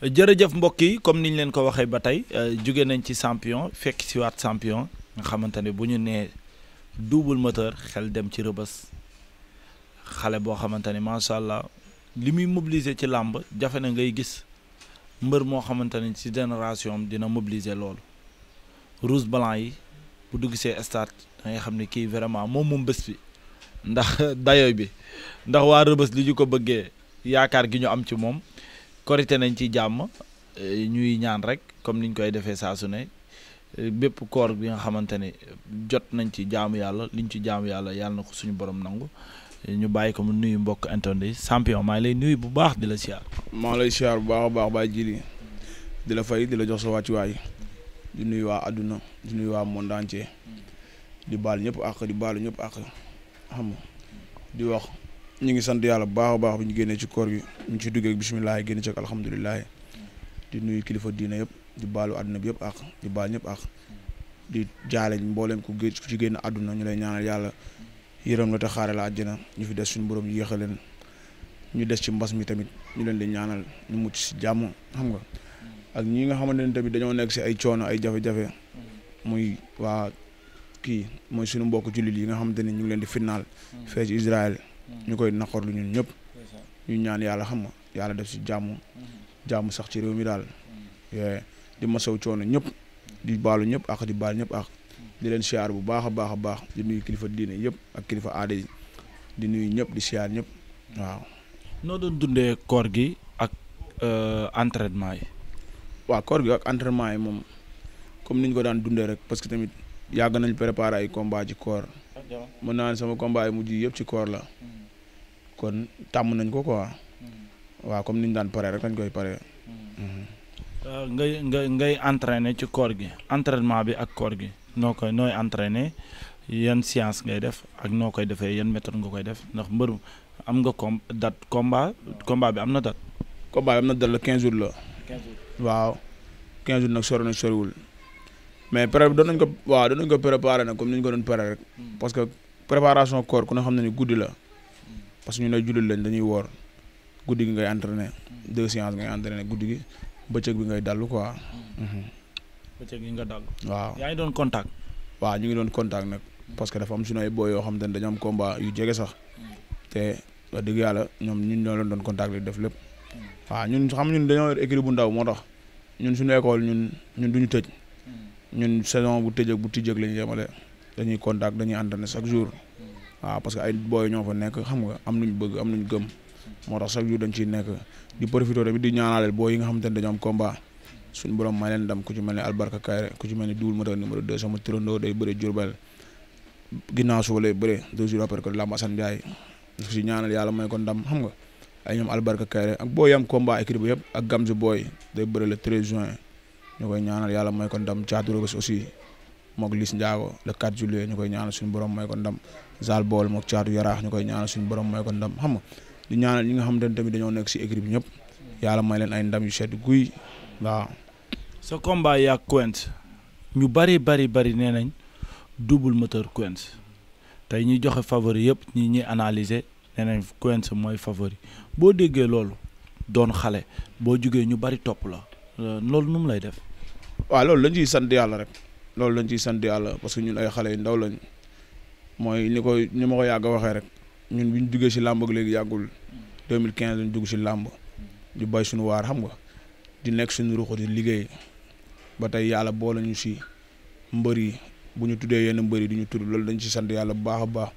jërëjëf mbokk yi comme niñ leen ko waxee ba tey euh, jóge nañ ci champion fekk si waat champion nga xamante ne bu ñu nee double moteur xel dem ci rëbës xale boo xamante ne macha allah li muy mobiliser ci làmb jafe na ngay gis mbër moo xamante ne ci génération dina mobiliser loolu rouge blanc yi bu dugg see stade da xam ne kii vraiment moom moom bés bi ndax dayo bi ndax waa rëbës li ñu ko bëggee yaakaar gi ñu am ci moom. korite nañ ci jàmm eh, ñuy ñaan rek comme niñ koy defee saa ne eh, bépp koor bi nga xamante ne jot nañ ci jaamu yàlla luñ ci jaamu yàlla yàlla na ko suñu borom nangu eh, ñu bàyyi ko mu nuyu mbokk internet yi champion maa ngi lay nuyu bu baax di la siyaar. maa lay siyaar bu baax baax baay jili di la fay di la jox sa wàccuwaay di nuyu waa àdduna di nuyu waa monde di baal ñëpp àq di baalu ñëpp àq xam di wax ñu ngi sant yàlla bu baax a baax bu ñu génnee ci koor bi ñu ci duggee bisimilah génn ci ak di nuyu kilifa diina yëpp di baalu àdduna bi yëpp ak di baal ñëpp ak di jaale mbooleem ku gé ku ci génn àdduna ñu lay ñaanal yàlla yërëm la te xaare la àjjana ñu fi des suñu borom yéexal leen ñu des ci mbas mi tamit ñu leen di ñaanal ñu mucc si jàmm xam nga ak ñii nga xamante ne tamit dañoo nekk si ay coono ay jafe-jafe muy waa kii mooy sunu mbokk jullit yi xamante ne ñu ngi leen di finnaal fee ñu koy lu ñun ñëpp. ñu ñaan yàlla xam nga yàlla def si jàmm. jàmm sax ci réew mi daal. di ma masaw coono ñëpp. di baalu ñëpp ak di baal ñëpp ak. di leen siyaar bu baax a baax a baax di nuy kilifa diine yëpp ak kilifa aada yi di nuyu ñëpp di siyaar ñëpp waaw. noo doon dundee koor gi ak euh, entraînement yi. waaw koor gi ak entraînement yi moom comme ni ñu ko daan dundee rek parce que tamit yàgg nañ préparer ay combat ci koor. mën naa ne sama combat yi mujj yëpp ci koor la. Hmm. kon tàmm nañ ko quoi. Mm-hmm. waaw comme ni ñu daan pare rek dañ koy pare. Mm-hmm. Mm-hmm. Euh, ngay ngay ngay entraîner ci koor gi entraînement bi ak koor gi noo koy nooy entraîner yan science ngay def ak noo koy defee yan méthode nga koy def ndax mbër am nga com date combat combat bi am na date. combat bi am na date la 15 jours la. 15 jours waaw 15 jours nag sori na soriwul mais pré doon nañ ko waaw doon nañ préparer nag comme ni ñu ko doon préparé rek. Mm. parce que préparation corps ku ne xam ne ni guddi la. parce ñu ne jullit lañ dañuy woor guddi gi ngay entraîné deux séances ngay entraîné guddi gi bëccëg bi ngay dallu quoi. Mm-hmm. bëccëg gi nga dallu. waaw yaa ngi doon contact. waaw ñu ngi doon contact nag. parce que dafa am suñu ay booy yoo xam te ne dañoo am combat yu jege sax. Mm. te wax dëgg yàlla ñoom ñun ñoo leen doon contact li def lépp. Mm. waaw ñun xam ñu dañoo yor équipe bu ndaw moo tax ñun suñu école ñun ñun duñu tëj. Mm. ñun saison bu tëjëg bu tijjëg lañu yemale dañuy contact dañuy entraîné chaque jour. waaw parce que ay booy ñoo fa nekk xam nga am luñ bëgg am luñ gëm moo tax chaque jour dañ ciy nekk di profité tamit di ñaanaleel booy yi nga xamante ne dañoo am combat suñu borom may leen dam ku ci mel ne albarka kayre ku ci mel ne duwul moteur numéro 2 sama turandoo day bëre Jurbel ginnaaw soo lay bëre deux jours après que Lamb Assane Ndiaye daf si ñaanal yàlla may ko ndam xam nga ay ñoom albarka kayre ak booy yam combat écrit bi yëpp ak gamsu booy day bëre le 13 juin ñu koy ñaanal yàlla may ko ndam caatu mook Liss Ndiago le 4 juillet ñu koy ñaanal suñu borom may ko ndam Zal Bool mook Caatu Yaraax ñu koy ñaanal suñu borom may ko ndam xam nga di ñaanal ñi nga xam ne tamit dañoo nekk si équipe bi ñëpp yàlla may leen ay ndam yu sedd guy waaw. sa combat yaa Quench ñu bari bari bari nee nañ double moteur Quench tey ñuy joxe favori yëpp ñi ñuy analyser nee nañ Quench mooy favori boo déggee loolu doon xale boo jugee ñu bari topp la euh, loolu nu mu lay def. waaw loolu lañ ciy sant yàlla rek. loolu lañ ciy sant yàlla parce que ñun ay xale yu ndaw lañ mooy ni koy ni ma ko yàgg a waxee rek ñun bu ñu duggee si làmb ak léegi yàggul 2015 lañ dugg si làmb ñu bay suñu waar xam nga di nekk suñu ruux di liggéey ba tey yàlla boo lañu si mbër yi bu ñu tuddee yenn mbër yi du ñu tudd loolu dañ ci sant yàlla bu baax a baax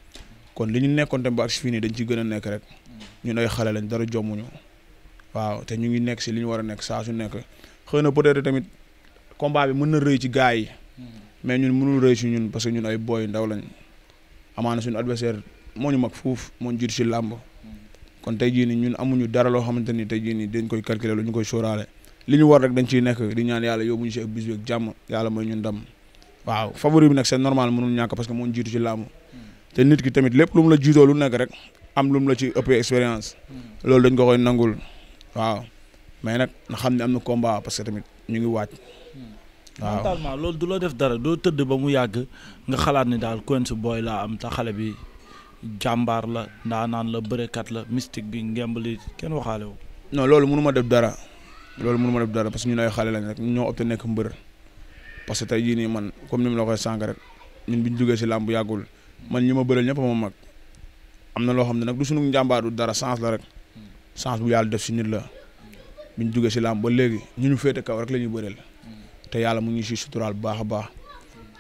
kon li ñu nekkoon tamit ba ak fii nii dañ ci gën a nekk rek ñun ay xale lañ dara jommuñu waaw te ñu ngi nekk si li ñu war a nekk saa su nekk xëy na peut tamit combat bi mën na rëy ci gars yi. mais ñun rey réussir ñun parce que ñun ay booy ndaw lañ amaana suñu adversaire moo ñu mag fuuf moo ñu jiitu si làmb kon tey jii ni ñun amuñu dara loo xamante ni tey jii ni dañ koy calculer lu ñu koy sóoraale li ñu war rek dañ ciy nekk di ñaan yàlla yóbbuñu si ak bis bi jàmm yàlla mooy ñun ndam waaw favori bi nag c'est normal mënul ñàkk parce que moo ñu jiitu hmm. te nit ki tamit lépp lu la jiitoo lu nekk rek am lu la ci ëppee expérience hmm. loolu dañ ko koy nangul waaw mais nag na xam ne am na combat parce que tamit ñu ngi waaj mentalement loolu du la def dara doo tëdd ba mu yàgg nga xalaat ni daal Quench booy laa am te xale bi jàmbaar la naan la bërekat la mystique bi ngemb li kenn waxaale wu. non loolu mënu def dara loolu mënu ma def dara parce que ñun ay xale ñoo opté nekk mbër parce que tey jii nii man comme ni la koy sànq rek ñun bi ñu jógee si làmb yàggul man ñi ma bëral ñëpp ma mag am na loo xam ne nag du suñu dara chance la rek chance bu yàlla def si nit la bi ñu si làmb ba léegi ñu ñu féete kaw rek la ñuy bëreel te yàlla mu ngi si suturaal bu baax a baax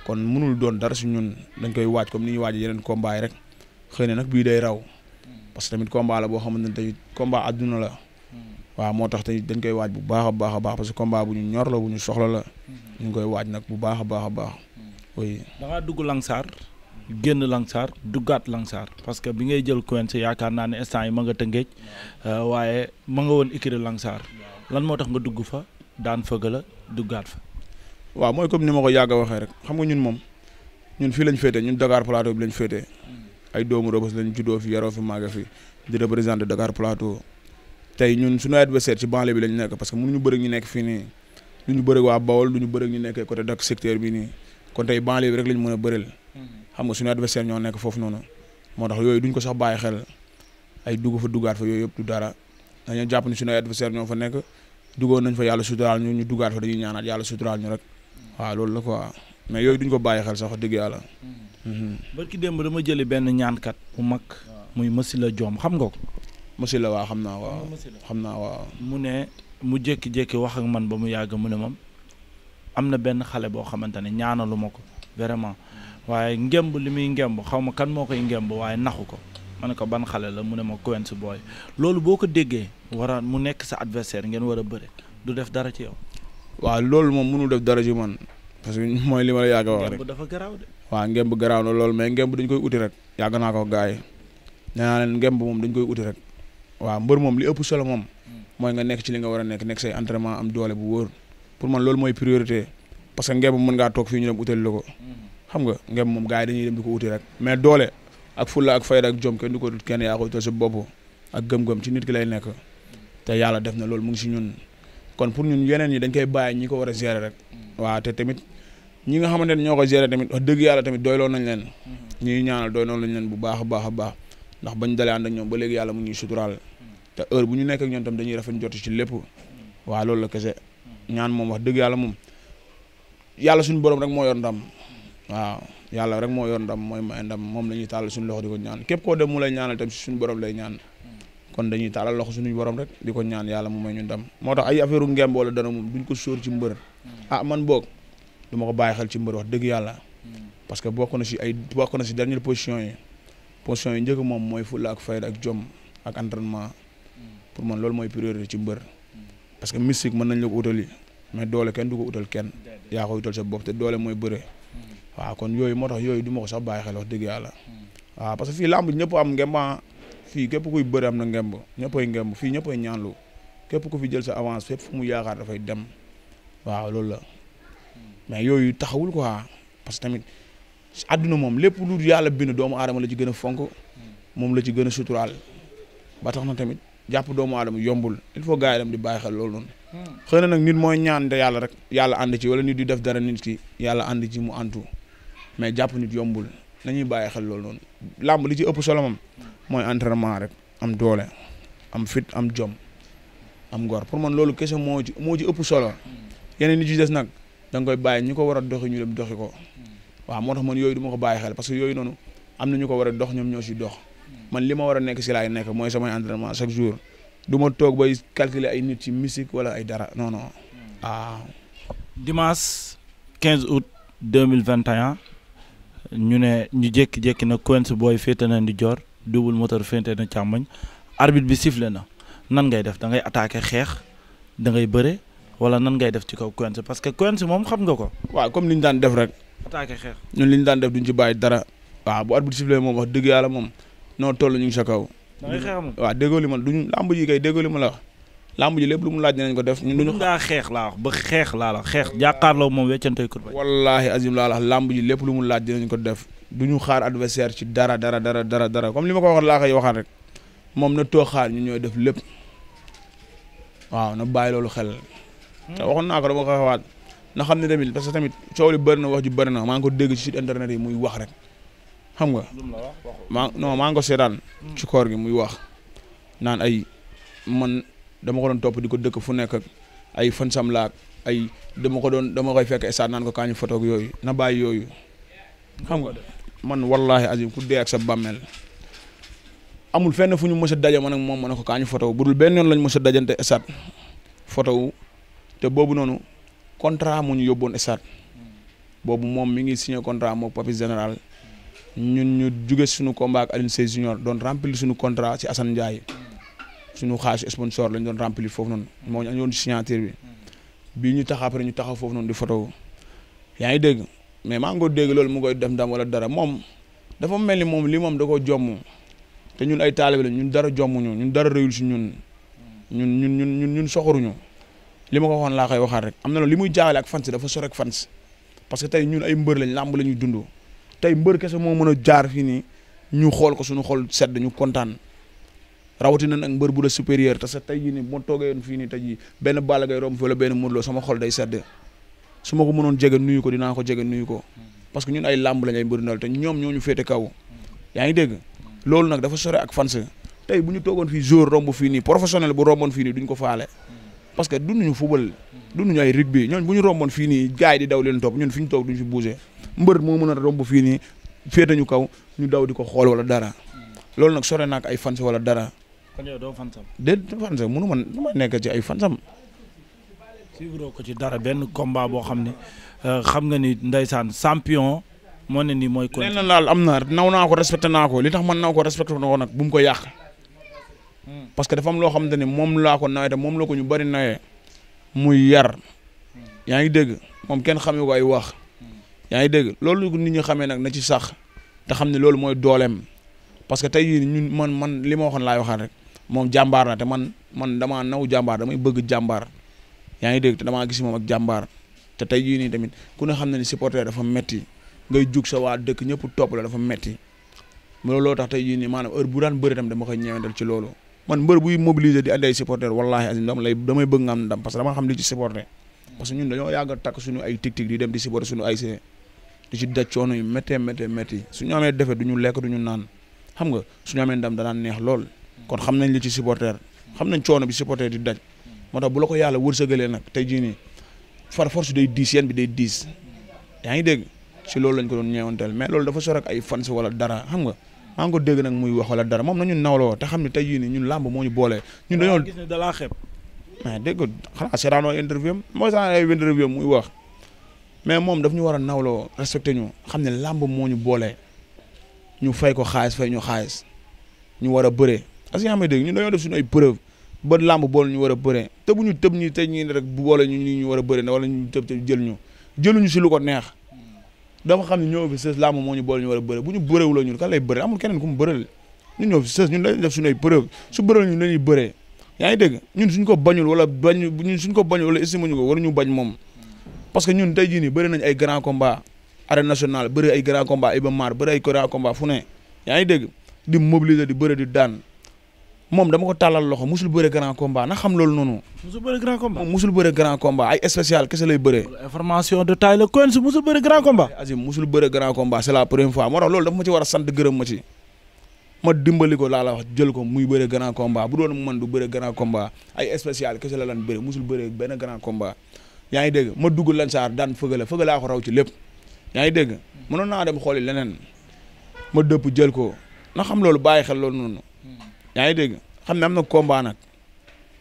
kon mënul doon dara si ñun dañ koy waaj comme ni ñuy waaj yeneen combat rek xëy na nag bii day raw parce que tamit combat la boo xamante ne tamit combat àdduna la waaw moo tax tamit dañ koy waaj bu baax a baax a baax parce que combat bu ñu ñor la bu ñu soxla la ñu ngi koy waaj nag bu baax a baax a baax oui. da dugg Langsar génn Langsar duggaat Langsar parce que bi ngay jël Quench yaakaar naa ne instant yi ma nga Tëngéej waaye ma nga woon écurie Langsar lan moo tax nga dugg fa daan fëgg duggaat fa. waaw mooy comme ni ma ko yàgg waxee rek xam nga ñun moom ñun fii lañ féetee ñun Dakar Plateau bi lañ féetee ay doomu Rebeuss lañ doo fi yaroo fi màgge fi di représenté Dakar Plateau tey ñun suñu adversaire ci banlieue bi lañ nekk parce que mënuñu bëri ñu nekk fii nii lu ñu bëri waa Bawol lu ñu bëri ñu nekkee côté dak secteur bi nii kon tey banlieue bi rek a bëril xam nga suñu adversaire ñoo nekk foofu noonu moo tax yooyu duñ ko sax bàyyi xel ay dugg duggaat yooyu yëpp du dara dañoo jàpp ni suñu adversaire ñoo fa nekk duggoon nañ fa yàlla suturaal ñu ñu duggaat fa dañuy ñaanaat yàlla suturaal ñu rek waaw loolu la quoi mais yooyu duñ ko bàyyi xel sax wax dëgg yàlla. Hmm. Hmm. barki démb dama jëli benn ñaankat bu mag. muy Masila Joom xam nga ko. Masila waaw xam naa waaw xam naa waaw. mu ne mu jékki-jékki wax ak man ba mu yàgg mu ne moom am na benn xale boo xamante ne ñaanalu ma ko vraiment waaye ngemb li muy ngemb xaw ma kan moo koy ngemb waaye naxu ko. ma ne ko ban xale la mu ne ma Quench booy loolu boo ko déggee war mu nekk sa adversaire ngeen war a bëre du def dara ci yow. waaw loolu moom mënul def dara ci man parce que mooy li ma la yàgg a wax rek. ngemb dafa garaaw de. waaw ngemb garaaw na loolu mais ngemb dañ koy uti rek yàgg naa ko gars yi nee naa leen ngemb moom dañ koy uti rek waaw mbër moom li ëpp solo moom mooy nga nekk ci li nga war a nekk nekk say entraînement am doole bu wóor pour man mooy priorité parce que ngemb mën ngaa toog fii ñu dem utali la xam nga ngemb moom gars yi dañuy dem di ko uti rek mais doole ak fulla ak fayda ak jom kenn du ko kenn yaa ko utal sa bopp ak gëm-gëm ci nit ki lay nekk te yàlla def na loolu mu ngi si ñun kon pour ñun yeneen yi dañ koy bàyyi ñi ko war a gérer rek waaw te tamit ñi nga xamante ne ñoo ko gérer tamit wax dëgg yàlla tamit doyloo nañ leen ñuy ñaanal doyloo nañ leen bu baax a baax a baax ndax bañ dalee ànd ak ñoom ba léegi yàlla mu ñuy suturaal te heure bu ñu nekk ak ñoom tam dañuy rafet jot si lépp waa loolu la kese ñaan moom wax dëgg yàlla moom yàlla suñu borom rek moo yor ndam waaw yàlla rek moo yor ndam mooy may moom la ñuy tàll suñu loxo di ko ñaan képp koo dem mu lay ñaanal si suñu borom lay ñaan kon dañuy taalal loxo suñu borom rek di ko ñaan yàlla mu may ñu ndam moo tax ay affaire u ngemb wala dana moom duñ ko sóor ci mbër hmm. ah man boog du ma ko bàyyi xel ci mbër wax yàlla hmm. parce que bokk na si bokk na si dernière position yi position yi njëkk moom mooy fulla ak fayda ak jom ak entraînement hmm. pour man loolu mooy priorité ci mbër parce que mystique mën nañ la ko utali mais doole kenn du ko utal kenn yaa ko utal sa bopp te doole mooy bëre waaw kon yooyu moo tax yooyu duma ko sax bàyyi xel wax dëgg yàlla waaw parce que fii làmb ñëpp am ngema ah. fii képp kuy bëri am na ngemb ñëppay ngemb fii ñëppay ñaanlu képp ku fi jël sa avance fépp fu mu yaakaar dafay dem waaw loolu la mais yooyu taxawul quoi parce que tamit àdduna moom lépp lu yàlla bind doomu adama la ci gën a fonk moom la ci gën a suturaal ba tax na tamit jàpp doomu aadama yombul il faut gars yi dem di bàyyi xel loolu noonu. xëy na nag nit mooy ñaan te yàlla rek yàlla ànd ci wala nit di def dara nit ki yàlla ànd ci mu antu mais jàpp nit yombul nañuy bàyyi xel loolu noonu làmb li ci ëpp solo moom mooy entraînement rek am doole am fit am jom am ngor pour man loolu kese moo ci ëpp solo yeneen li ci nag da nga koy bàyyi ñu ko war a doxi ñu dem doxi ko waaw moo tax man yooyu du ko bàyyi xel parce que yooyu noonu am na ñu ko war a dox ñoom ñoo si dox man li ma war a nekk si laay nekk mooy samay entraînement chaque jour du ma toog bay calculer ay nit ci musique wala ay dara non non waaw. Ah. dimanche 15 août 2021 ñu ne ñu jékki-jékki na Quench Boy féete na di joor Double Moteur féetee na càmmoñ arbitre bi sifflé na nan ngay def da ngay attaquer xeex da ngay bëre wala nan ngay def ci kaw Quench parce que Quench moom xam nga ko. waa comme ni ñu daan def rek. attaquer xeex ñun li ñu daan def duñ ci bàyyi dara. waaw bu arbitre moom wax dëgg yàlla moom noo toll ñu ngi sa kaw. da ngay waaw déggoo li ma duñ làmb ji kay déggoo li ma la wax. làmb ji lépp lu mu laaj dinañ ko def ñun duñu daa xeex laa wax ba xeex laa la xeex jàkkaarloo moom weccantey kur wallaahi azim laa la làmb ji lépp lu mu laaj dinañ ko def du ñu xaar adversaire ci dara dara dara dara dara comme li ma ko waxoon laa koy rek moom na toog xaar ñu ñooy def lépp waaw na bàyyi loolu xel. Hmm. te waxoon naa ko ko xawaat na xam ne tamit parce que tamit coow li wax ji bëri na maa ngi ko dégg ci site yi muy wax rek xam nga. maa non maa ngi ko seetaan. Hmm. ci koor gi muy wax naan ay man dama ko doon topp di ko dëkk fu nekk ay fan sam ay dama ko doon dama koy fekk stade naan ko kañu photo ak yooyu na bàyyi yooyu xam nga. man wallaahi azim ku dee ak sa bàmmeel amul fenn fu ñu mës a daje man ak moom ma ne ko kaa ñu fotow budul benn yoon lañ mës a dajante esat fotow te boobu noonu contrat mu ñu yóbboon esat boobu moom mi ngi signé contrat moo Papis Général ñun ñu juge suñu combat ak Alioune Sèye Junior doon remplir suñu contrat ci Assane Ndiaye suñu xaalis sponsor lañu doon remplir foofu noonu moo ñu añoon signature bi bii ñu tax après ñu taxaw foofu noonu di fotow yaa ngi dégg mais maa ngi dégg loolu mu koy def ndam wala dara moom dafa mel ni moom lii moom da ko jomm te ñun ay taalibe la ñun dara jommuñu ñun dara rëyul si ñun ñun ñun ñun ñun ñun soxoruñu li ma ko waxoon laa koy waxaat rek am na loolu li muy jaawale ak fans dafa sore ak fans parce que tey ñun ay mbër lañ làmb la ñuy dund tey mbër kese moo mën a jaar fii nii ñu xool ko suñu xool sedd ñu kontaan rawatina nag mbër bu la supérieur te sa tey jii nii moo toogee yoon fii nii tey benn bal Gaye romb benn Modou sama xol day sedd. su ma ko mënoon jege nuyu ko dinaa ko jege nuyu ko parce que ñun ay làmb lañ ay mbëri ndal te ñoom ñoo ñu féete kaw yaa ngi dégg loolu nag dafa sore ak fans tey bu ñu toogoon fii jour romb fii nii professionnel bu romboon fii nii duñ ko faale parce que dunduñu football dunduñu ay rugby ñooñu bu ñu romboon fii nii gars yi daw leen ñun fi ñu toog duñ fi bouger mbër moo mën a romb fii nii féete ñu kaw ñu daw di ko xool wala dara loolu nag sore naak ay fans wala dara. kon yow doo fansam. déet fansam mënu ma nekk ci ay fansam suivre ko ci dara benn combat boo xam ne euh, xam nga ni ndeysaan sampion moo ne nii mooy. kon lenn daal am na naw naa ko respecté naa li tax man naw ko respecté naa ko nag bu mu ko yàq. Hmm. que dafa loo xamante ni moom laa ko nawee te moom la ko ñu bari nawee muy yar. yaa ngi dégg moom kenn xamee ko ay wax. yaa ngi dégg loolu nit ñi xamee nag na ci sax te xam ne loolu mooy dooleem parce que tey ñun man man li ma waxoon laay waxaat rek moom jàmbaar la te man man damaa naw jàmbaar damay bëgg jàmbaar. yaa ngi dégg te damaa gis moom ak jàmbaar te tey jii nii tamit ku ne xam na ni supporter dafa metti ngay jug sa waa dëkk ñëpp topp la dafa metti looloo tax tey jii nii maanaam heure bu daan bëri tam dama koy ñeewantal ci loolu man mbër buy mobiliser di andi ay supporter wallahi azim dama lay damay bëgg nga am ndam parce que dama xam li ci supporter parce que ñun dañoo yàgg a takk suñu ay tig tig di dem di supporter suñu ay see di ci daj coono yu méttee méttee métti amee defe du ñu lekk du ñu naan xam nga suñu amee ndam danaan neex lool kon xam nañ li ci supporter xam nañ coono bi supporter di daj moo tax bu la ko yàlla wërsëgalee nag tey jii nii far force day diis yéen bi day diis yaa ngi dégg si loolu lañ ko doon ñeewantal mais loolu dafa sor ak ay fans wala dara xam nga maa ngi ko dégg nag muy wax wala dara moom nañu nawloo te xam ne tey jii nii ñun làmb moo ñu boole. ñun dañoo gis ne da laa xeeb. mais dégg nga xanaa seetaanoo interview am mooy sax ay muy wax mais moom daf ñu war a nawloo respecté ñu xam ne làmb moo ñu boole ñu fay ko xaalis fay ñu xaalis ñu war a bëree parce que yaa may dégg ñun dañoo def suñu ay preuve ba làmb bool ñu war a bëree te bu ñu tëb ñu te ñu ne rek boole ñu ñu war a bëree wala ñu tëb te jël ñu jëluñu si lu ko neex dama xam ne ñoo fi sës làmb moo ñu bool ñu war a bu ñu bëreewu la ñu kan lay bëree amul keneen ku mu bëreel ñun ñu fi def su bëreel ñun yaa ngi dégg ñun suñ ko bañul wala bañ ñun suñ ko bañul wala estimé ñu ko waruñu bañ moom parce que ñun tey jii nii bëri nañ ay grand combat arène nationale bëri ay grand combat Iba Mar bëri ay grand combat fu ne yaa ngi dégg di mobiliser di bëri di daan moom dama ko tàllal loxo musul bëre grand combat na xam loolu noonu. musul bëre grand combat musul bëre grand combat ay spécial kese lay bëree. information de taille la Quench musul bëre grand combat. Azim musul bëre grand combat c'est la a sant ma ma dimbali ko laa la wax jël ko muy bëre grand combat bu doon man du bëre grand combat ay spécial kese la lan bëre musul bëre benn grand combat. yaa ngi dégg ma dugg lan saar daan fëgala fëgalaa ko raw ci lépp yaa ngi dégg mënoon naa dem xooli leneen ma dëpp jël ko na xam loolu bàyyi xel loolu noonu yaa ngi dégg xam ne am na combat nag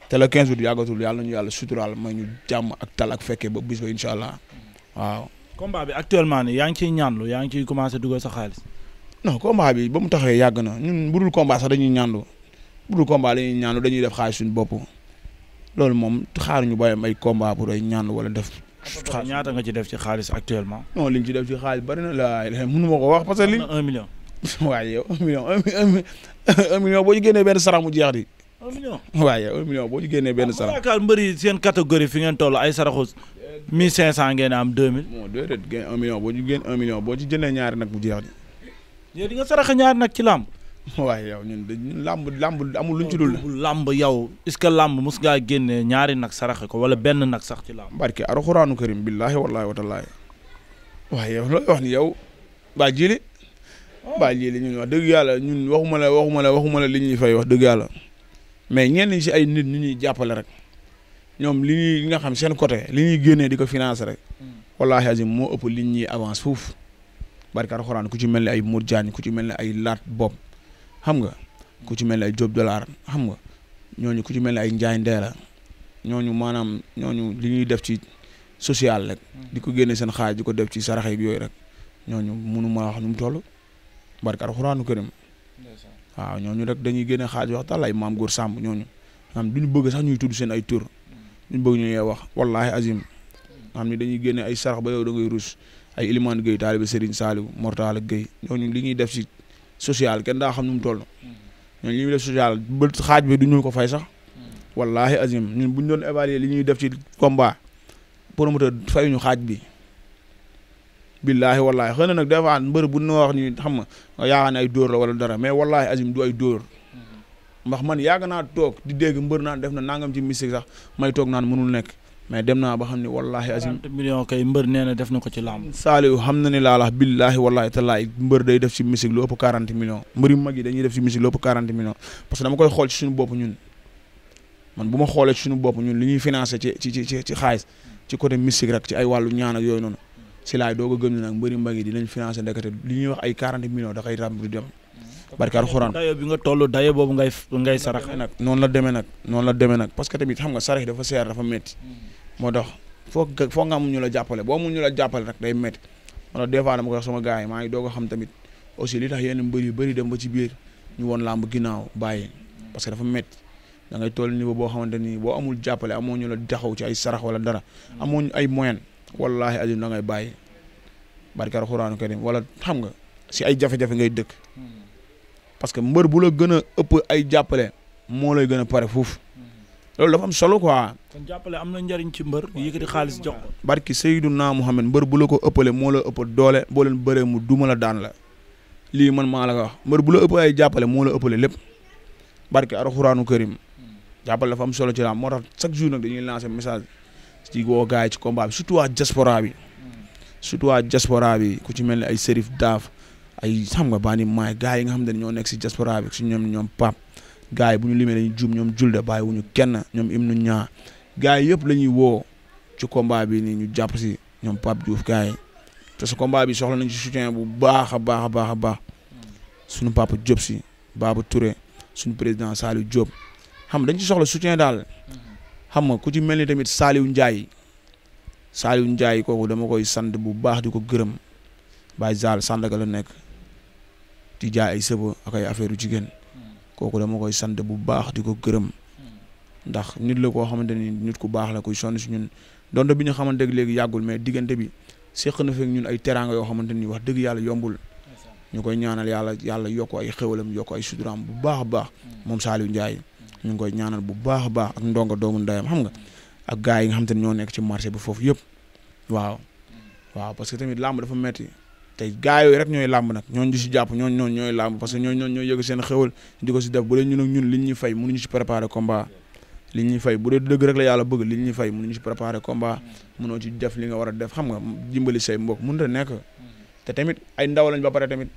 te le 15 août yàggatul yàlla nañu yàlla suturaal may ñu jàmm ak tal ak fekkee ba bis ba incha allah waaw. combat bi actuellement nii yaa ngi ciy ñaanlu yaa ngi ciy commencé dugal sa xaalis. non combat bi ba mu taxee yàgg na ñun budul combat sax dañuy ñaanlu budul combat dañuy ñaanlu dañuy def xaalis suñu bopp loolu moom xaaruñu bàyyi am may combat pour ay ñaanlu wala def. xaalis ñaata nga ci def ci xaalis actuellement. non liñ ci def ci xaalis bari na la mënu ko wax parce que. waaye yow million 1 million un million boo ñu génnee benn sarax mu jeex di. un million boo ñu génnee benn sarax. ah mbëri seen catégorie fi ngeen toll ay saraxu mille cinq cent ngeen am deux mille. bon déedéet génn un million boo ci génn un million boo ci ñaari nag mu jeex di. yow di nga sarax ñaari nag ci làmb. waaye yow ñun ñun làmb làmb amul luñ ci dul. làmb yow est-ce que làmb mos ngaa génnee ñaari nag saraxe ko wala benn nag sax ci làmb. barke alxuraanu karim billaahi wallaahi wa taalaahi waaye yow looy wax ni yow waa baa lii li ñun wax dëgg yàlla ñun waxuma la waxuma la waxuma la li ñuy fay wax dëgg yàlla mais ñenn ñi si ay nit ñu ñuy jàppale rek ñoom li ñuy nga xam seen côté li ñuy génnee di ko financer rek wallaahi azim moo ëpp li ñuy avance foofu barka alxuraan ku ci mel ni ay Mour Diagne ku ci mel ni ay Laat bopp xam nga ku ci mel ni ay Diop Dolaar xam nga ñooñu ku ci mel ni ay Ndiaye la ñooñu maanaam ñooñu li ñuy def ci sociale rek hmm. di ko génne seen xaaj di ko def ci sarax yooyu rek ñooñu mënu wax nu mu toll barke alxuraanu kërim waaw ñooñu rek dañuy génne xaaj wax tal ay maam góor sàmm ñooñu xam duñu bëgg sax ñuy tudd seen ay tur mm. ñu bëgg ñu lay wax wallaahi azim xam mm. ni dañuy génne ay sarax ba yow da ngay rus ay Ilimane Gueye taalibe Serigne Saliou Mortala Gueye ñooñu li ñuy def si social kenn daa xam nu mu toll mm. ñooñu li ñuy def social ba xaaj bi duñu ko fay sax wallaahi azim ñun buñ doon évaluer li ñuy def ci combat fay ñu xaaj bi billaahi wallaahi xëy na nag des mbër bu ñu wax ni xam nga yaakaar ay dóor la wala dara mais wallaahi azim du ay dóor ndax man yàgg naa toog di dégg mbër naan def na nangam ci mystique sax may toog naan mënul nekk mais dem naa ba xam ne wallaahi azim million kay mbër nee na def na ko ci làmb Saliou xam na ne laalax billaahi wallaahi talaay mbër day def si mystique lu ëpp 40 millions mbëri mag yi dañuy def si mystique lu ëpp 40 millions parce que dama koy xool ci suñu bopp ñun man bu ma xoolee ci suñu bopp ñun li ñuy financé ci ci ci ci xaalis ci côté mystique rek ci ay wàllu ñaan yooyu noonu si laay doog a gëm ne nag mbëri mbag yi dinañ financé ndekete li ñuy wax ay quarante millions da koy ràmb dem mm-hmm. barke bi nga toll dayo boobu ngay ngay sarax nag noonu la demee nag noonu la demee nag parce que tamit xam nga sarax dafa seer dafa métti mm-hmm. moo tax foo foo nga amul ñu la jàppale boo amul ñu la jàppale rek day métti moo tax des fois dama ko wax sama gars yi maa ngi doog a xam tamit aussi li bëri dem ba ci biir ñu woon ginnaaw bàyyi parce que dafa métti da ngay toll niveau boo xamante ni boo amul jàppale amoo ñu la taxaw ci ay sarax wala dara mm-hmm. amoo ay moyen wallaahi azim da ngay bàyyi barke alxuraanu karim wala xam nga si ay jafe-jafe ngay dëkk parce que mbër bu gën a ëpp ay jàppale moo lay gën a pare foofu loolu dafa am solo quoi. kon jàppale am na njariñ ci mbër. yëkkati xaalis jox ko. barki Seydina Mohamed mbër bu la ko ëppale moo la ëpp doole boo leen bëree mu duma la daan la lii man maa la ko wax mbër bu la ëpp ay jàppale moo la ëppale lépp barki alxuraanu karim hmm. jàppale dafa am solo ci laam moo tax chaque jour nag dañuy lancer message. ci woo gars yi ci combat bi surtout waa diaspora bi surtout waa diaspora bi ku ci mel ni ay Serif Daaf ay xam nga baa ni maay gars yi nga xam ne ñoo nekk si diaspora bi su ñoom ñoom pap gars yi bu ñu limee dañuy juum ñoom julde bàyyi wuñu kenn ñoom im nu ñaa gars yi yëpp la ñuy woo ci combat bi nii ñu jàpp si ñoom Pape Diouf gars yi te su combat bi soxla nañ ci soutien bu baax a baax a baax a baax suñu papa Diop si Baba Touré suñu président Saliou Diop xam dañ ci soxla soutien daal xam nga ku ci mel ni tamit Saliou Ndiaye Saliou Ndiaye kooku dama koy sand bu baax di ko gërëm Baye Zal Sandaga la nekk di jaay ay sëba ak ay affaire jigéen kooku dama koy sant bu baax di ko gërëm ndax nit la koo xamante ni nit ku baax la kuy sonn ñun donte bi ñu xamante léegi yàggul mais diggante bi séq na fekk ñun ay teraanga yoo xamante ni wax dëgg yàlla yombul ñu koy ñaanal yàlla yàlla yokk ay xéwalam yokk ay suduraam bu baax a baax mm. moom Saliou Ndiaye ñu ngi koy ñaanal bu baax a baax ak ndongo doomu ndeyam xam nga ak gars yi nga xam te ne ñoo nekk ci marché bi foofu yëpp waaw waaw parce que tamit làmb dafa metti tey gars yooyu rek ñooy làmb nag ñoo di si jàpp ñoo ñooñu ñooy làmb parce que ñooñu ñooñu ñooy yëg seen xewal si def bu dee ñun ak ñun liñ ñu fay mënuñu si préparer combat li ñuy fay bu dëgg rek la yàlla bëgg li ñuy fay mënuñu si préparer combat mënoo ci def li nga war a def xam nga dimbali say mbokk mënut a nekk te tamit ay ndaw lañ ba pare tamit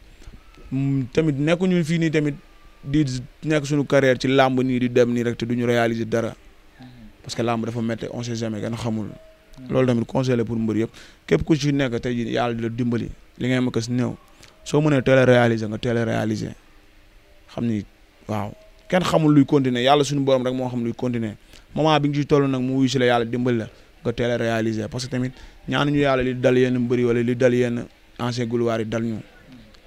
mm, tamit nekk nekkuñu fii nii tamit di nekk suñu carrière ci làmb nii di dem nii rek te duñu réaliser dara mhm. parce que làmb dafa métti on sait jamais kenn xamul. Mhm. loolu tamit conseil la pour mbër yëpp képp ku ci nekk tey jii yàlla di la dimbali li ngay mën a néew soo mënee teel a réaliser nga teel a réaliser xam nii waaw kenn xamul luy continuer yàlla suñu borom rek moo xam luy continuer moment bi nga ci toll nag mu wuyu si la yàlla dimbali la nga teel a réaliser parce que tamit ñaanuñu yàlla li dal yenn mbëri wala li dal yenn ancien gloire dal ñu.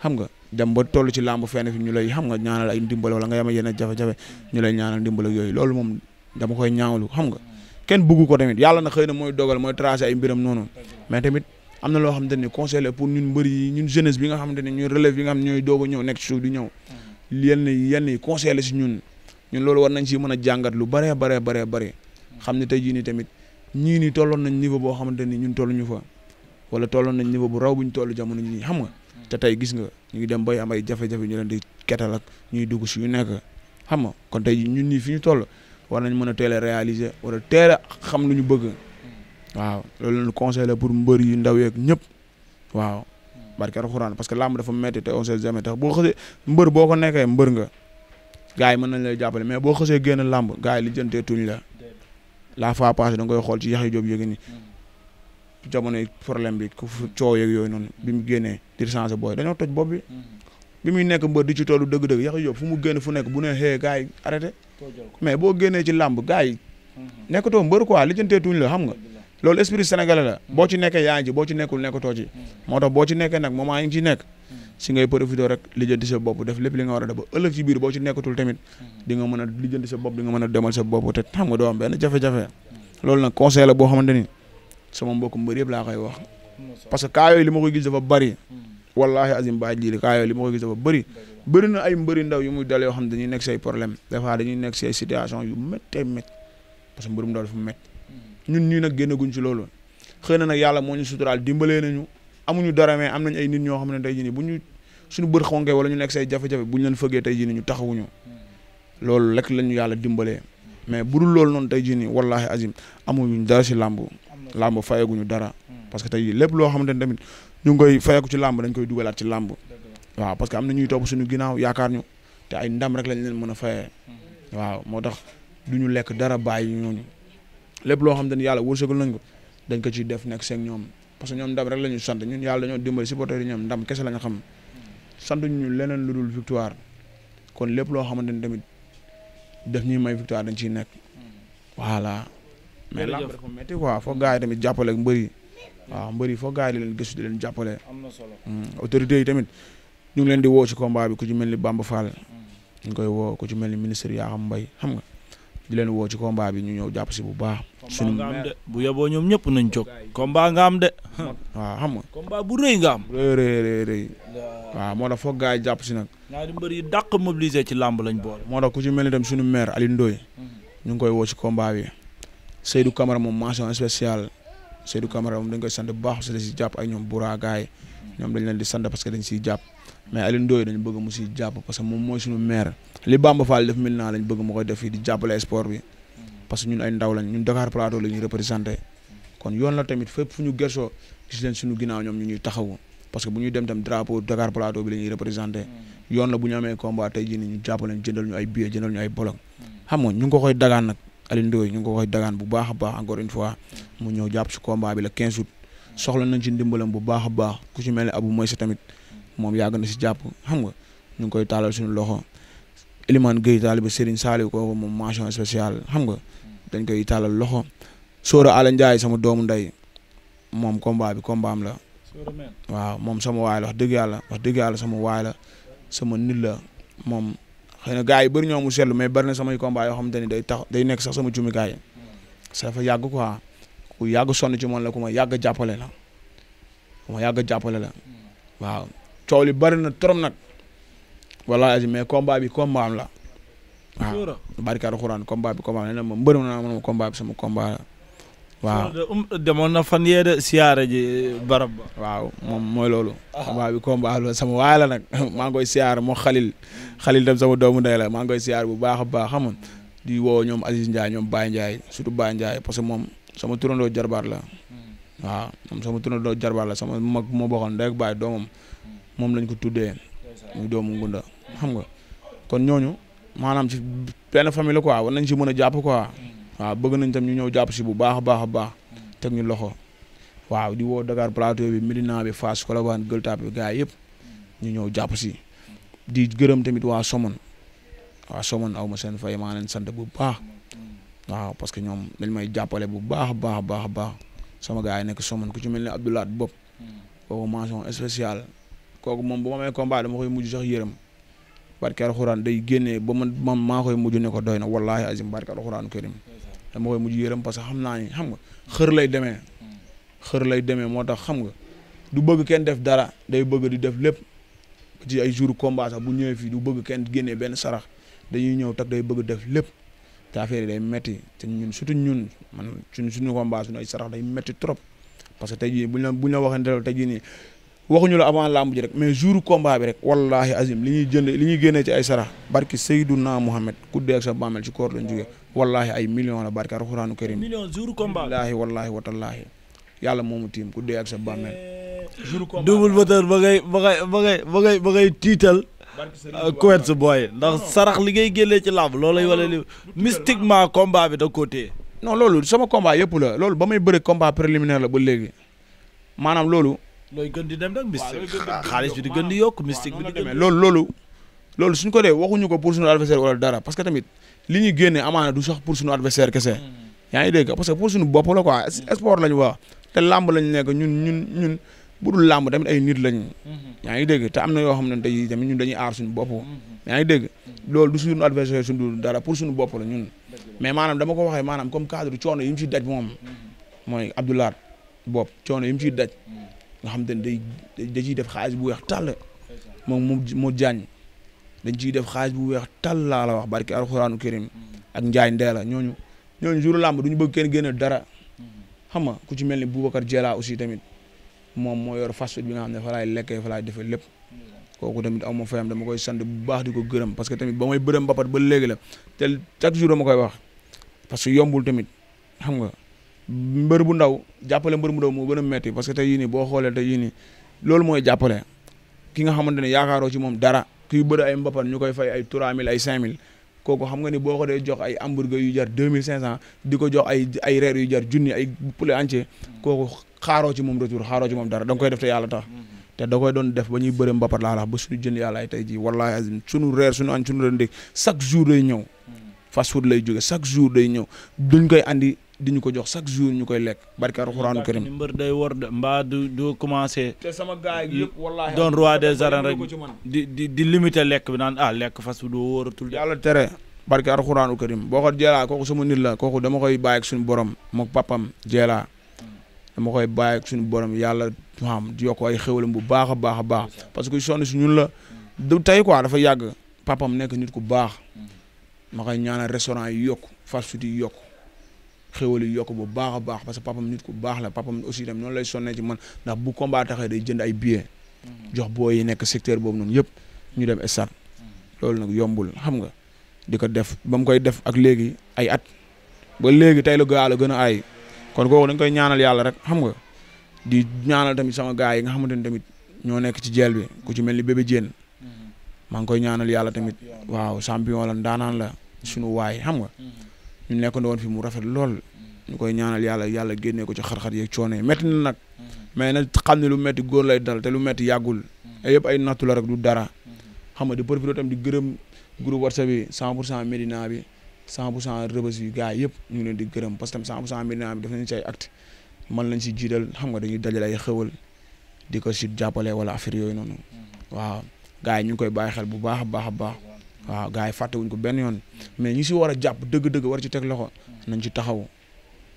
xam nga dem ba toll ci làmb fenn fi ñu lay xam nga ñaanal ay ndimbal wala nga yama yenn jafe-jafe ñu lay ñaanal ndimbal ak yooyu loolu moom dama koy ñaawlu xam nga kenn bëggu ko tamit yàlla na xëy na mooy dogal mooy tracé ay mbiram noonu mais tamit am na loo xamante ne conseil la pour ñun mbër yi ñun jeunesse bi nga xamante ne ñun relève yi nga xam ne ñooy doog a ñëw nekk ñëw yenn yenn yi si ñun ñun loolu war nañ si mën a jàngat lu bëree baree baree bëri xam ne tey jii nii tamit ñii nii tolloon nañ niveau boo xamante ni ñun tolluñu fa wala tolloon nañ niveau bu raw buñ jamono ñi xam nga te tey gis nga ñu ngi dem bay am ay jafe-jafe ñu la di ketal ak ñuy dugg si yu nekk xam nga kon tey ñun nii fi ñu toll war nañ mën a teel a réaliser wala teel a xam nu ñu bëgg. waaw loolu lañu conseil la pour mbër yu ndaw yeeg ñëpp waaw. barke alxuraan parce que làmb dafa metti te on sait jamais boo xasee mbër boo ko nekkee mbër nga gars yi mën nañ lay jàppale mais boo xasee génn làmb gars yi li jëntee tuñ la la fois passée da koy xool ci yax yu joob yëgi nii hmm. jamonoy problème bi ku coow yeeg yooyu noonu bi mu génnee di changé booy dañoo toj bopp bi mhm. bi nekk mbër di dëgg-dëgg Yaxya Jóob fu mu génn fu nekk bu ne xëyee gars yi arrêté boo génnee ci làmb mhm. mhm. boo ci nekkee yaa ngi ci boo ci nekkul nekkatoo ci moo tax nekk si ngay li a def ba ëllëg ci biir boo ci nekkatul tamit di nga mën a lijjanti sa bopp di nga mën a demal sa bopp te xam nga doo am jafe-jafe loolu nag conseil la boo sama mbokk mbër yëpp laa koy wax parce que kaa li ma koy gis dafa bëri wallahi azim baaj lii kaa yooyu li ma koy gis dafa bëri bëri na ay mbëri ndaw yu muy dal yoo xam ne dañuy nekk say problème des fois dañuy nekk say situation yu méttee métt parce que mbërum ndaw dafa métt ñun nii nag génnaguñ ci loolu xëy na nag yàlla moo ñu suturaal dimbalee nañu amuñu dara mais am nañ ay nit ñoo xam ne tey jii nii bu ñu suñu bër xonkee wala ñu nekk say jafe-jafe buñ leen fëggee tey jii nii ñu taxawuñu loolu rek lañu yàlla dimbalee mais bu dul loolu noonu tey jii nii wallahi azim amuñu dara ci làmb làmb fayaguñu dara parce que tey lépp loo xamante ne tamit ñu koy fayagu ci làmb dañ koy dugalaat ci làmb waaw parce que am na ñuy topp suñu ginnaaw yaakaar ñu te ay ndam rek lañ leen mën a fayee waaw moo tax du ñu lekk dara bàyyi ñooñu lépp loo xamante ni yàlla wërsëgal nañ ko dañ ko ciy def nekk seen ñoom parce que ñoom ndam rek la ñu sant ñun yàlla dañoo dimbali supporter yi ñoom ndam kese la nga xam sant ñu leneen lu dul victoire kon lépp loo xamante ni tamit def ñuy may victoire dañ ciy nekk voilà mais làmb dafa métti quoi foog yi tamit jàppale ak mbër yi waaw yi foog gars di leen jàppale. am na solo hmm, autorités yi tamit ñu ngi leen di woo ci combat bi ku ci mel ni Bamba faal ñu koy woo ku ci mel ni ministre Yakham Mbaye xam nga di leen woo ci combat bi ñu ñëw jàpp si bu baax. suñu bu yeboo ñoom ñëpp nañ jóg. combat nga am de. waaw xam nga. combat bu rëy nga am. moo tax foog gars jàpp si nag. ñaari mbër yi dàq ci làmb lañ bool moo tax ku ci mel ni tam suñu maire Aliou Ndoye. Hmm. ñu ngi koy woo ci combat bi. Seydou Camara moom mention spéciale Seydou Camara moom dañ koy sant bu baax dañ si jàpp ay ñoom buraagaay ñoom dañ leen di sant parce que dañ siy jàpp mais Alioune Ndoye dañ bëgg mu siy jàpp parce que moom mooy suñu maire li Bamba Fall def mil naa lañ bëgg mu koy def tamit ñoom ñu ñuy taxawu parce que bu ñuy dem tam drapeau Dakar Plateau bi la ñuy représenté yoon la bu ñu amee combat tey jii ni ñu jàpp leen jëndal ñu ay billets jëndal ñu ay bolok xam ñu ko koy dagaan nag Alioune Ndoye ñu ngi ko koy dagaan bu baax a baax encore une fois mu ñëw jàpp si combat bi la 15 août soxla nañ si ndimbalam bu baax a baax ku ci mel ni ne mooy Moïse tamit moom yàgg na si jàpp xam nga ñu ngi koy taalal suñu loxo Elimane Gueye taaliba Serigne Saliou ko moom mention spéciale xam nga dañ koy taalal loxo Sora Ala Ndiaye sama doomu ndey moom combat bi combat am la. waaw moom sama waay la wax dëgg yàlla wax dëgg yàlla sama waay la sama nit la moom. xëy yi bëri ñoo mu seetlu mais bëri na samay combat yoo xamante ni day tax day nekk sax sama cumikaay sa fa yàgg quoi ku yàgg sonn ci man la ku ma yàgg jàppale la ku yàgg jàppale la waaw coow li bëri na trop nag wallaahi mais combat bi combat am la waaw barkaatu xuraan combat bi combat am la ne ma mbëri ma naa ma combat sama combat waaw um, demoon na fan yee de siyaare ji eh, barab ba. waaw moom mooy loolu. combat bi combat la sama waay la nag maa ngi koy siyaar moo xalil xalil dem sama doomu ndey maa ngi koy siyaar bu baax a baax xam di woo ñoom Aziz Ndiaye ñoom Baye Ndiaye surtout Baye Ndiaye parce que moom sama turandoo jarbaar la. waaw moom sama turandoo jarbaar sama mag moo bokkoon rek Baye doomam moom lañ ko tuddee. muy doomu ngunda xam nga kon ñooñu maanaam ci benn famille la quoi war nañ ci mën a jàpp quoi. waaw bëgg nañ tam ñu ñëw jàpp si bu baax a baax a baax teg ñu loxo waaw di woo Dakar Plateau bi Médina bi Fass Colobane Gueule Tapée bi gars yëpp ñu ñëw jàpp si di gërëm tamit waa Somone waa Somone aw ma seen fay maa leen sant bu baax waaw parce que ñoom dañ may jàppale bu baax a baax baax a baax sama gars yi nekk Somone ku ci mel ne Abdoulaat Bopp kooku mention spéciale kooku moom bu ma amee combat dama koy mujj sax yërëm barke alxuraan day génnee ba man man maa koy mujj ne ko doy na wallaahi azim barke alxuraan kërim dama koy mujj yërëm parce que xam naa ni xam nga xër lay demee xër lay demee moo tax xam nga du bëgg kenn def dara day bëgg di def lépp ci ay jour combat bu ñëwee fii du bëgg kenn génnee benn sarax dañuy ñëw tak day bëgg def lépp te affaire yi day metti te ñun surtout ñun man suñ suñu combat suñu ay sarax day metti trop parce que tey jii buñ la la waxee tey jii nii waxuñu la avant làmb ji rek mais jour combat bi rek wallahi azim li ñuy jënd li ñuy génnee ci ay sarax barki Seydouna Mohamed ku dee ak sa bàmmeel ci koor lañ jógee wallahi ay millions la barki alxuraanu karim millions jour combat wallahi wallahi watallaahi yàlla moomu tiim ku dee ak sa bàmmeel eh, jour combat double moteur ba tiital kuwet euh, sa ndax sarax li ngay génnee ci làmb loolay wala li mystiquement combat bi da koo loolu sama combat yëpp loolu ba may bëre combat préliminaire la ba léegi maanaam looy gën di dem nag mystique xaalis bi di gën di yokk mystique bi di gën loolu loolu loolu suñ ko dee waxuñu ko pour suñu adversaire wala dara parce que tamit li ñuy génne amaana du sax pour suñu adversaire kese hmm. yaa ngi dégg parce que pour suñu bopp la quoi hmm. sport lañu wax te làmb nekk ñun ñun ñun bu dul làmb tamit ay nit lañ hmm. yaa ngi dégg te am na yoo xam ne tey tamit ñun dañuy aar suñu bopp yaa ngi dégg loolu du suñu adversaire suñu dara pour suñu bopp la ñun mais maanaam dama ko waxee maanaam comme cadre coono yi mu ciy daj moom mooy Abdoulaye bopp coono yi mu ciy daj nga xam ne day da ciy def xaalis bu weex tàll moom mu mu jaañ dañ ciy def xaalis bu weex tàll laa la wax barki alxuraanu karim ak njaay ndee la ñooñu ñooñu jour làmb duñu bëgg kenn génne dara xam nga ku ci mel ni Boubacar Diela aussi tamit moom moo yor fast food bi nga xam ne fa laay lekkee fa laay defee lépp kooku tamit aw ma fayam dama koy sand bu baax di ko gërëm parce que tamit ba may bërëm ba pat ba léegi la teel chaque jour dama koy wax parce que yombul tamit xam nga mbër bu ndaw jàppale mbër bu ndaw moo gën a metti parce que tey yii boo xoolee tey yii nii loolu mooy jàppale ki nga xamante ne yaakaaroo ci moom dara kuy bëri ay mbapat koy fay ay 3000 ay 5000 kooku xam nga ni boo ko dee jox ay hamburger yu jar 2500 di ko jox ay ay reer yu jar junni ay poulet entier kooku xaaroo ci moom retour xaaroo ci moom dara da koy def te yàlla ta te da koy doon def ba ñuy bëri mbapat laa ba suñu jënd yàlla ay tey ji wallahi azim suñu reer suñu añ suñu reer ndékk chaque jour day ñëw fast food lay jóge chaque jour day ñëw duñ koy andi di ñu ko jox chaque jour ñu koy lekk barke alxuraanu karim mbër day war de mbaa du commencé. te sama gaay yëpp wallaahi doon roi des arènes rek di di di limité lekk bi naan ah, lekk fas bi doo wóoratul. yàlla tere barke alxuraanu karim boo ko jeelaa kooku sama nit la kooku dama koy bàyyi suñu borom mook papam jeelaa dama koy bàyyi ak suñu borom yàlla xam di yokk ay xéwalam bu baax a baax a baax parce que sonn si ñun la du tey quoi dafa yàgg papam nekk nit ku baax mm. ma koy ñaanal restaurant yi yokk fast food yokk xéwal yi yokk bu baax a baax parce que papam nit ku baax la papam aussi dem noonu lay sonnee ci man ndax bu combat taxee day jënd ay billets. Mm-hmm. jox boo yi nekk secteur boobu noonu yëpp ñu dem e stade mm-hmm. loolu nag yombul xam nga di ko def ba mu koy def ak léegi ay at ba léegi tey la gaa la gën a aay kon kooku dañ koy ñaanal yàlla rek xam nga di ñaanal tamit sama gars yi nga xamante ni tamit ñoo nekk ci jeel bi ku ci mel ni bébé Diène mm-hmm. maa ngi koy ñaanal yàlla tamit waaw champion la ndaanaan la suñu waay xam nga ñu nekk woon fi mu rafet lool ñu koy ñaanal yàlla yàlla génnee ko ci xar-xar yeeg coono yi métti na nag mais na xam ne lu métti góor lay dal te lu métti yàggul et mm-hmm. ay nattu la rek du dara mm-hmm. xam nga di profité tam di gërëm groupe WhatsApp bi 100 pour bi 100 pour cent Rebeuss yi gars ñu ngi leen di gërëm parce que tam 100 pour cent Médina bi def nañ ci ay man lañ si jiital xam nga dañuy dajale ay xewal di ko si jàppale wala affaire yooyu noonu mm-hmm. waaw gars yi ñu ngi koy bàyyi xel bu baax a baax a baax waaw gars yi fàttewuñ ko benn yoon mais ñu si war a jàpp dëgg-dëgg war ci teg loxo nañ ci taxaw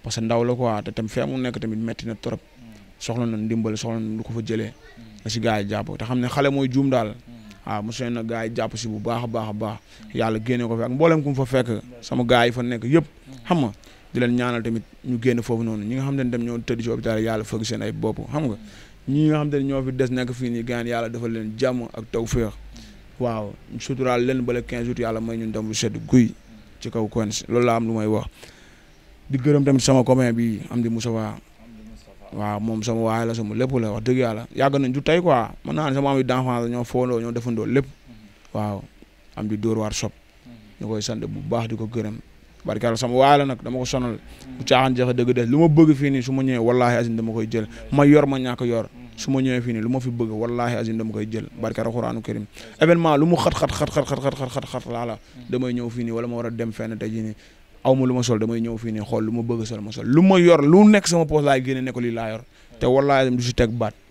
parce que ndaw la ko te tam fee mu nekk tamit metti na trop soxla na ndimbal soxla na lu ko fa jëlee mm. na si gars yi jàpp te xam ne xale mooy juum daal mm. waaw mosuwee na gars yi jàpp si bu baax a baax a baax yàlla génne ko fi ku mu fa fekk mm. sama yi fa nekk yëpp xam nga di leen tamit ñu génn foofu noonu ñi nga xam ne dem ñoo tëdd ci hôpital yàlla fëgg seen ay bopp xam nga ñi nga xam ne ñoo fi des nekk fii nii gaan yàlla dafa leen jàmm ak tawféex waaw suturaal leen bala 15 août yàlla may ñu ndam lu sedd guy ci kaw kon loolu laa am lu may wax di gërëm tamit sama copain bi am di Moustapha waa moom sama waay la sama lépp la wax dëgg yàlla yàgg nañ du tey quoi mën naa sama ami d'enfance ñoo foondoo ñoo defandoo lépp waaw am di dóor waar sob ñu koy sant bu baax di ko gërëm barke yàlla sama waay la nag dama ko sonal bu caaxaan jeex dëgg des lu ma bëgg fii nii su ma ñëwee wallaahi azim dama koy jël ma yor ma ñàkk yor su ma ñëwee fii lu ma fi bëgg wallaahi azim dama koy jël barke alxuraanu karim événement lu mu xat xat xat xat xat xat xat xat xat laa la ñëw fii nii wala ma war dem fenn tey jii nii aw ma lu ma sol damay ñëw fii ne xool lu ma bëgg sol ma sol lu ma yor lu nekk sama poche laay génne ne ko lii laa yor te wallaahi du si teg baat